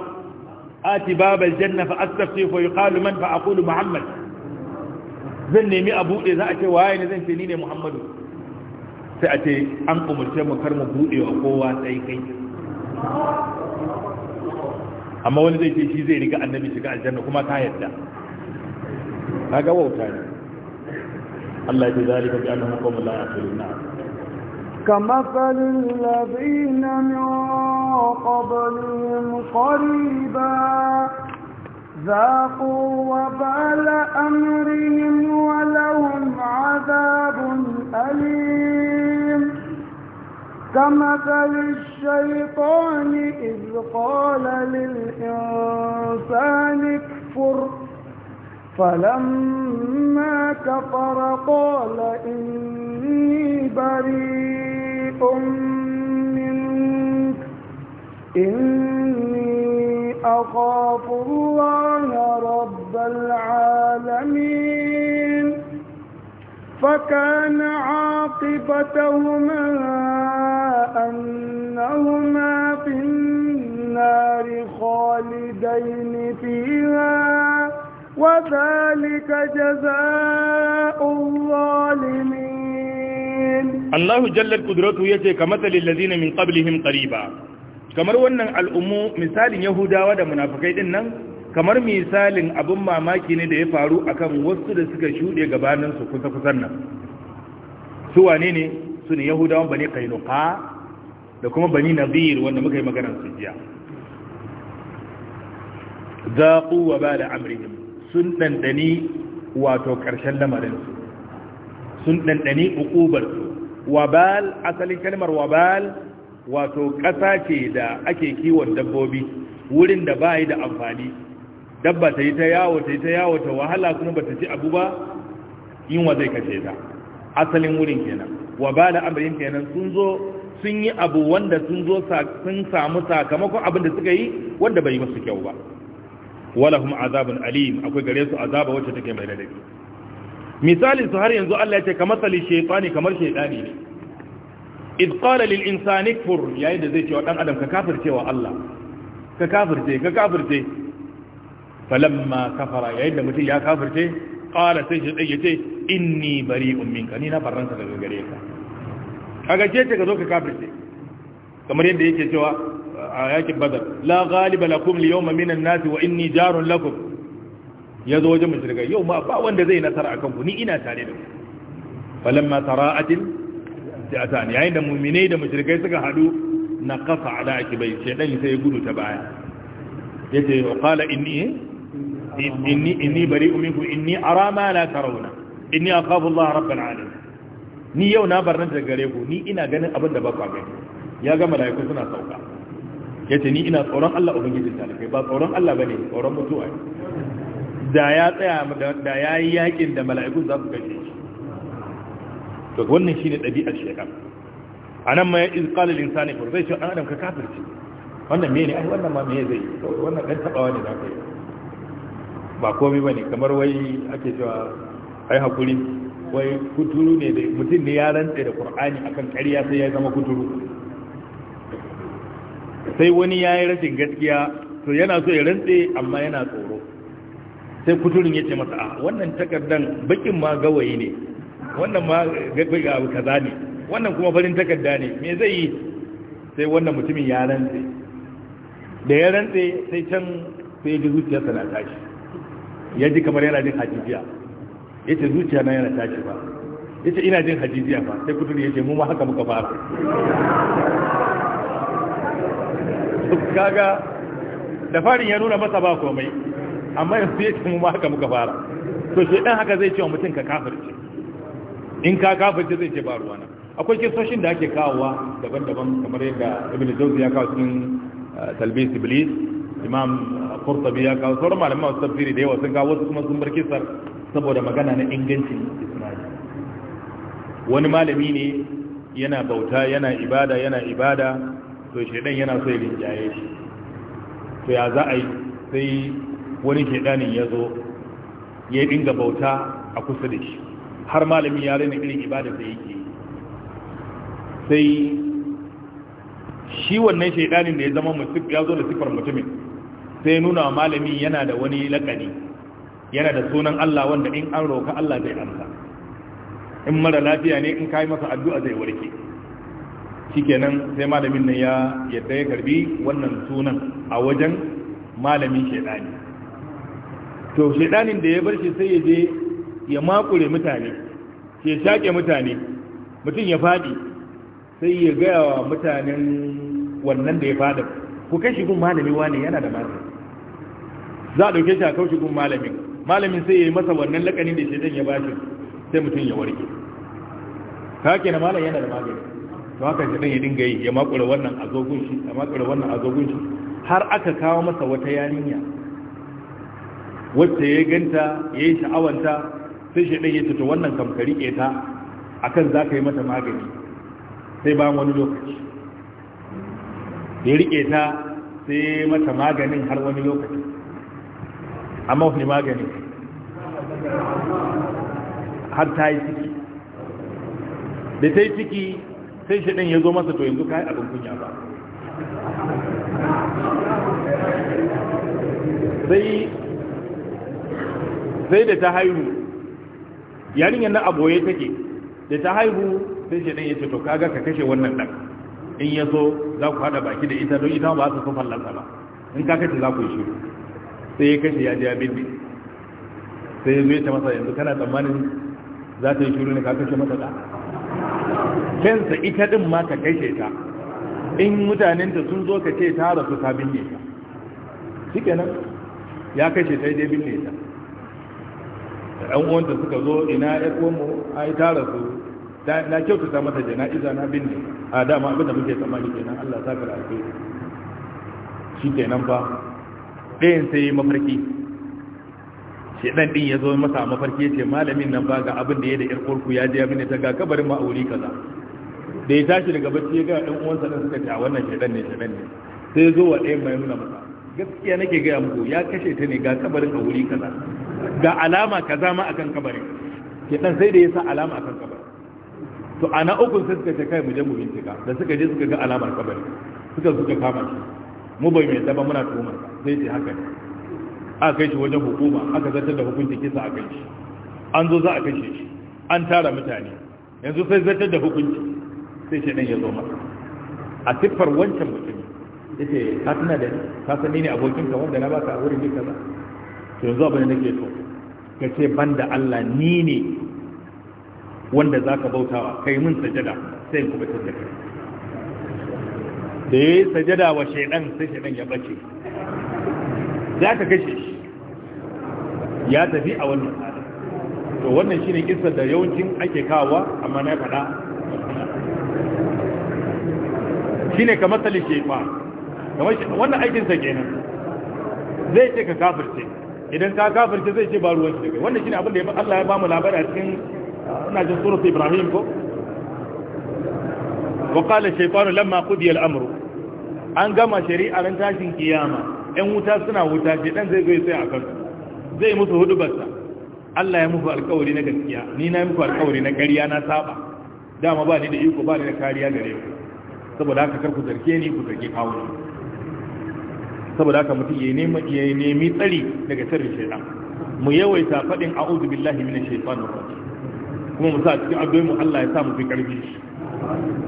ati babal janna fa astafti fa yuqalu man fa aqulu muhammad zan nemi a za a ce waye ne zan ce ni ne muhammadu sai a ce an umurce mu kar mu bude wa kowa sai kai amma wani zai ce shi zai riga annabi shiga aljanna kuma ta yadda kaga wauta ne الله ذلك بأنهم قوم لا يعقلون نعم. كمثل الذين من قبلهم قريبا ذاقوا وبال أمرهم ولهم عذاب أليم كمثل الشيطان إذ قال للإنسان اكفر فلما كفر قال إني بريء منك إني أخاف الله رب العالمين فكان عاقبتهما أنهما في النار خالدين فيها وذلك جزاء الظالمين الله جل قدرته يجي كمثل الذين من قبلهم قريبا kamar wannan al'ummu misalin yahudawa da munafikai din nan kamar misalin abun mamaki ne da ya faru akan wasu da suka shude gabanin su kusa kusan nan su wane ne su ne yahudawan bane kainuka da kuma bani nadir wanda muka yi magana su jiya zaqu wa bala amrihim sun ɗanɗani wato ƙarshen lamarinsu sun ɗanɗani uƙubarsu wabal asalin kalmar wabal wato ƙasa ce da ake kiwon dabbobi wurin da ba da amfani dabba ta yi ta yawo ta yi ta yawo ta wahala kuma ba ta ci abu ba yin wa zai kashe ta asalin wurin kenan wabal amrin kenan sun zo sun yi abu wanda sun zo sun samu sakamakon abin da suka yi wanda bai yi musu kyau ba walahum azabun alim akwai gare su azaba wacce take mai radadi misali su har yanzu Allah ya ce kamar sali shaytani kamar shaytani ne id qala lil insani kfur yayin da zai ce wa dan adam ka kafirce wa Allah ka kafirce ka kafirce falamma kafara yayin da mutum ya kafirce qala sai shi dai yace inni bari'un minka ni na barranta daga gare ka kaga ce ka zo ka kafirce kamar yadda yake cewa a yakin badar la ghaliba lakum al minan nas wa inni jarun lakum yazo wajen mushrikai yau ma ba wanda zai nasara akan ku ni ina tare da ku falamma tara'atin ta'atan yayin da mu'minai da mushrikai suka hadu naqasa ala akibai shedan sai ya gudu ta baya yace qala inni inni inni bari'u minkum inni ara ma la tarawna inni akhafu Allah rabbul alamin ni yau na da gare ku ni ina ganin abin da ba ku gani ya ga malaiku suna sauka yace ni ina tsoron Allah ubangijin talibai ba tsoron Allah bane tsoron mutuwa da ya tsaya da yi yakin da mala'iku za su kashe shi to wannan shine dabi'ar shaytan anan ma iz qala lil insani kufur zai ce an adam ka kafirci wannan me ne ai wannan ma me zai wannan dan tabawa ne zaka yi ba komai bane kamar wai ake cewa ai hakuri wai kuturu ne da mutum ne ya rantsa da qur'ani akan ƙarya sai ya zama kuturu sai wani ya yi rashin gaskiya to yana so ya rantse amma yana tsoro sai kuturin ya ce masa a ah, wannan takardan bakin ma gawayi ne wannan ma ga abu kaza ne wannan kuma farin takarda ne me zai yi sai wannan mutumin ya rantse da ya rantse sai can sai ya ji zuciyarsa na tashi ya ji kamar yana jin hajijiya ya ce zuciya na yana tashi ba ya ce ina jin hajijiya ba sai kuturin ya ce mu ma haka muka fara kaga da farin ya nuna masa ba komai amma ya fiye ce mu ma haka muka fara to shi dan haka zai ce wa mutum ka kafirce in ka kafirce zai ce ba ruwa na, akwai kisoshin da ake kawowa daban-daban kamar yadda ibn jauzi ya kawo cikin eh, talbis iblis imam kurtabi ya kawo sauran malamai wasu tafsiri da yawa sun kawo wasu kuma sun bar kisar saboda magana na ingancin Isma'il, wani malami ne yana bauta yana ibada yana ibada to shaidan yana so ya rinjaye shi to ya za a yi sai wani shaidanin ya zo ya dinga bauta a kusa da shi har malami ya raina irin ibada da yake sai shi wannan shaidanin da ya zama mutum ya zo da sifar mutumin sai nuna wa malami yana da wani lakani yana da sunan Allah wanda in an roka Allah zai amsa in mara lafiya ne in kai masa addu'a zai warke shikenan sai malamin nan ya yadda ya karbi wannan sunan a wajen malamin shaidani to shaidanin da ya bar shi sai ya je ya makure mutane ya shaƙe mutane mutum ya faɗi sai ya gaya wa mutanen wannan da ya faɗa. ku kai shi gun malami wane yana da mata za a ɗauke shi a kaushi gun malamin malamin sai ya yi masa wannan lakanin da shaidan ya bashi sai mutum ya warke ka na malam yana da magani to haka shi dan ya dinga yi ya makura wannan azogun shi ya makura wannan azogun shi har aka kawo masa wata yarinya wacce ya ganta ya yi sha'awanta sai shi dan ya tuto wannan kamkari ke ta akan za ka yi mata magani sai ba wani lokaci ya rike ta sai mata maganin har wani lokaci amma wani magani har ta yi ciki da ta yi ciki sai shi ɗin ya zo masa to yanzu kai abin kunya ba sai sai da ta haihu yarinyar na aboye take da ta haihu sai shi ɗin ya ce to kaga ka kashe wannan ɗan in ya zo za ku haɗa baki da ita don ita ba su so fallasa ba in ka kashe za ku yi shiru sai ya kashe ya je ya binne sai ya zo ya ta masa yanzu kana tsammanin za ta yi shiru ne ka kashe masa ɗan kansa ita din ma ka kashe ta in mutanenta sun zo ka ce ta rasu ta binne ta shi kenan ya kashe ta dai binne ta da ɗan uwanta suka zo ina ya komo a yi tara su na kyautata mata jana'iza na binne a dama abinda muke tsammani kenan allah ta kara ake shi kenan fa ɗayan sai yi mafarki shi ɗan ɗin ya zo masa mafarki ya ce malamin nan ba ga abin da ya da ƴar ya je ya binne ta ga kabarin ma'auri kaza da ya tashi daga bacci ya gaya ɗan uwansa din suka ce a wannan shaidan ne shaidan ne sai ya zo wa ɗayan mai nuna masa gaskiya nake gaya muku ya kashe ta ne ga kabarin a wuri kaza ga alama kaza ma akan kabarin ɗan sai da ya sa alama akan kabarin to ana ukun sai suka ce kai mu je mu bincika da suka je suka ga alamar kabarin suka suka kama shi mu bai mai ba muna tuhumar sai ce haka ne aka kai shi wajen hukuma aka zartar da hukunci kisa a kai shi an zo za a kashe shi an tara mutane yanzu sai zartar da hukunci sai shi ya zo masa a siffar wancan mutum ya ce ka suna da ka san ni ne abokinka wanda na baka a wurin duka kaza to yanzu abin da nake so ka ce ban da Allah ni ne wanda za ka bautawa kai min sajada sai ku bata da kai da ya yi sajada wa shaidan sai shaidan ya bace za ka kashe shi ya tafi a wannan to wannan shine kissar da yawancin ake kawowa amma na faɗa shine ka matsali shefa wannan aikinsa kenan zai ce ka kafirce idan ka kafirce zai ce ba ruwan shi daga wannan shine abin da Allah ya ba mu labari a cikin uh, ina jin surat Ibrahim ko wa qala shaytanu lamma qudiya al-amru an gama shari'a ran tashin kiyama ɗan wuta suna wuta ce dan zai zo ya tsaya akan zai musu sa Allah ya muku alƙawari na gaskiya ni na muku alƙawari na ƙarya na saba dama ba ni da iko ba ni da kariya gare ku saboda haka kar ku zarge ni ku zarge kawo saboda haka mutum ya nemi ya nemi tsari daga sirrin shaytan mu yawaita fadin a'udhu billahi minash shaitanir rajim kuma mu sa cikin addu'o'i mu Allah ya sa mu fi karfi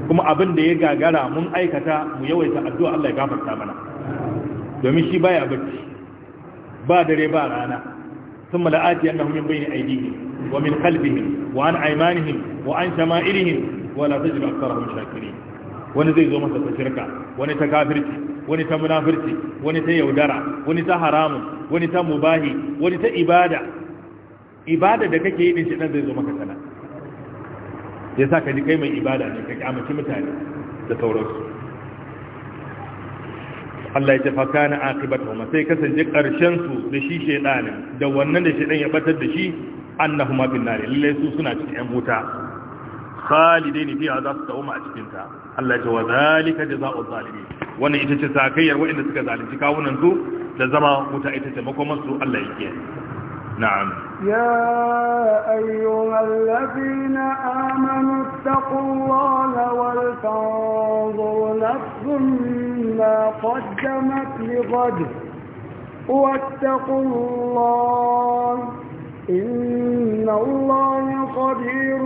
kuma abin da ya gagara mun aikata mu yawaita addu'a Allah ya gafarta mana domin shi baya bacci ba dare ba rana ثم لآتي أنهم من بين أيديهم ومن خلفهم وعن أيمانهم وعن شمائلهم ولا تجد أكثرهم شاكرين wani zai zo masa ta shirka wani ta kafirci wani ta munafirci wani ta yaudara wani ta haramun wani ta mubahi wani ta ibada ibada da kake yi din shi dan zai zo maka sana ya sa ka ji kai mai ibada ne ka kyamaci mutane da sauransu Allah ya ce fa kana ma sai kasance karshen su da shi shedanin da wannan da shedan ya batar da shi annahuma bin nar lalle su suna cikin yan wuta khalidain fiha za su dawoma a cikinta. Allah ya ce wa zalika jazaa'u zalimin wannan ita ce sakayyar waɗanda suka zalunci kawunan su da zama wuta ita ce makomar su Allah ya kiyaye na'am ya ayyuhal ladina amanu taqullaha wal tanzur nafsum ma qaddamat li ghad wattaqu Allah إن الله قدير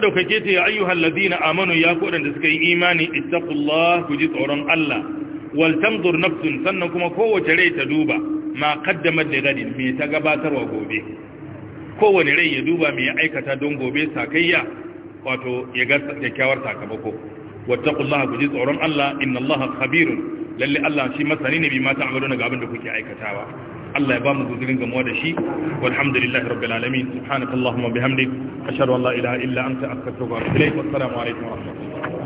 ta ya ayyuhal ladina amanu ya ku da suka yi imani ittaqullah ku ji tsoron Allah wal tanzur nafsun sannan kuma kowace rai ta duba ma qaddamat li me ta gabatarwa gobe kowane rai ya duba me ya aikata don gobe sakayya wato ya ga kyakkyawar sakamako wattaqullaha ku ji tsoron Allah inna Allah khabirun Allah shi masani na bi mata ta'maluna ga abin da kuke aikatawa Allah ya ba mu guzurin gamuwa da shi walhamdulillahi rabbil alamin subhanakallahumma bihamdik ashhadu an la ilaha illa anta astaghfiruka wa atubu ilaik wa assalamu wa rahmatullahi